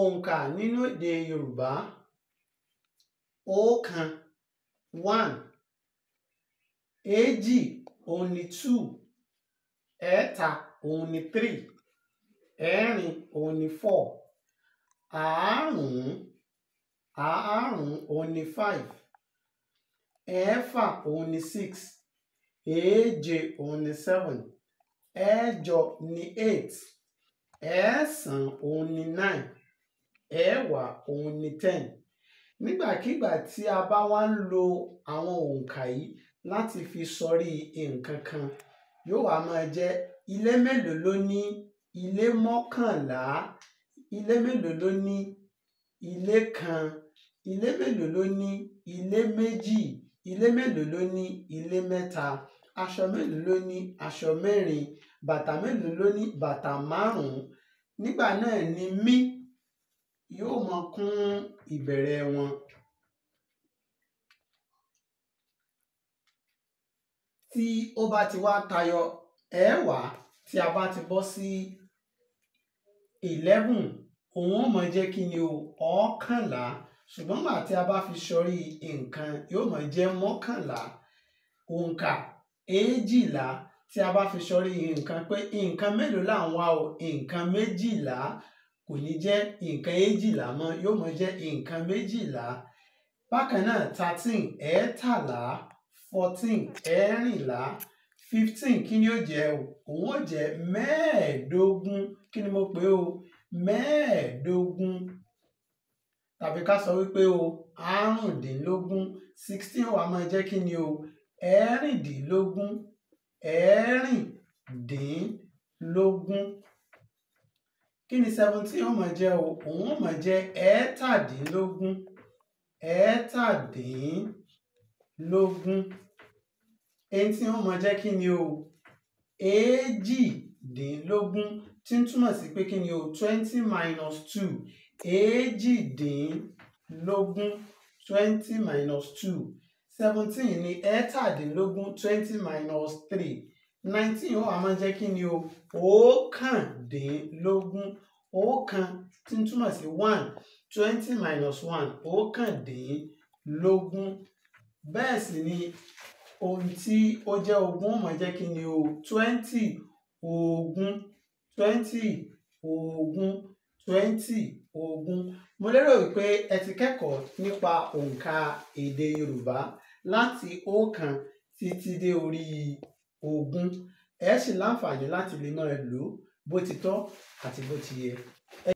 òǹkà nínú èdè yorùbá ọ̀kan one èjì òun ni two ẹ̀ẹ́ta òun ni three ẹ̀ẹ́rin òun ni four àárùn-ún àárùn-ún òun ni five ẹ̀ẹ́fà òun ni six èèje òun ni seven ẹ̀ẹ́jọ ni eight ẹ̀ẹ́sàn òun ni nine ẹ̀ẹ́wà òun ni ten nígbàkigbà tí a bá wá ń lo àwọn òǹkà yìí láti fi sọrí nǹkan kan yóò wá máa jẹ́ ilé mélòó ló ní ilé mọ́kànlá ilé mélòó ló ní ilé kan ilé mélòó ló ní ilé méjì ilé mélòó ló ní ilé mẹ́ta aṣọ mélòó ló ní aṣọ mẹ́rin bàtà mélòó ló ní bàtà márùn-ún nígbà náà ni mí yóò máa kún ìbẹ̀rẹ̀ wọn. tí ó bá ti wá tayọ ẹ̀ẹ́wàá tí a bá ti bọ́ sí eleven òun ó máa jẹ́ kí ni o ọ̀ọ́kànlá ṣùgbọ́n gbà tí a bá fi sọrí nǹkan yóò máa jẹ́ mọ́kànlá òǹkà èjìlá tí a bá fi sọrí nǹkan pé nǹkan mélòó là o nǹkan méjìlá kò ní jẹ́ nǹkan èjìlá mọ́ yóò mọ jẹ́ nǹkan méjìlá bákan náà thirteen ẹ̀ẹ́tàlá fourteen ẹ̀ẹ́rìnlá fifteen kí ni ó jẹ́ o òun ó jẹ́ mẹ́ẹ̀ẹ́dógún kí ni mo pè o mẹ́ẹ̀ẹ́dógún tàbí ká sọ wípé o àrùndínlógún sixteen wa máa jẹ́ kí ni o ẹ̀ẹ́rìndínlógún ẹ̀ẹ́rìndínlógún kí ni seventeen ó máa jẹ́ o òun ó máa jẹ́ ẹ̀ẹ́tàdínlógún ẹ̀ẹ́tàdínlógún eighteen ó máa jẹ́ kí ni o èjìdínlógún tí ń túmọ̀ sí pé kí ni o twenty minus two èjìdínlógún twenty minus two seventeen ní ẹ̀ẹ́tàdínlógún twenty minus three nineteen ó àmọ́ jẹ́ kí ni o ókàndínlógún ọ̀kan tí ń túmọ̀ sí one twenty minus one ókàndínlógún bẹ́ẹ̀ sì ni ohun tí ó jẹ́ ogún ó máa jẹ́ kí ni o twenty ogún twenty ogún twenty ogún mo lérò wípé ẹ ti kẹ́kọ̀ọ́ nípa òǹkà èdè Yorùbá láti ọ̀kan títí dé orí ogún ẹ sì láǹfààní láti lè máa lò ó bó ti tọ́ àti bó ti yẹ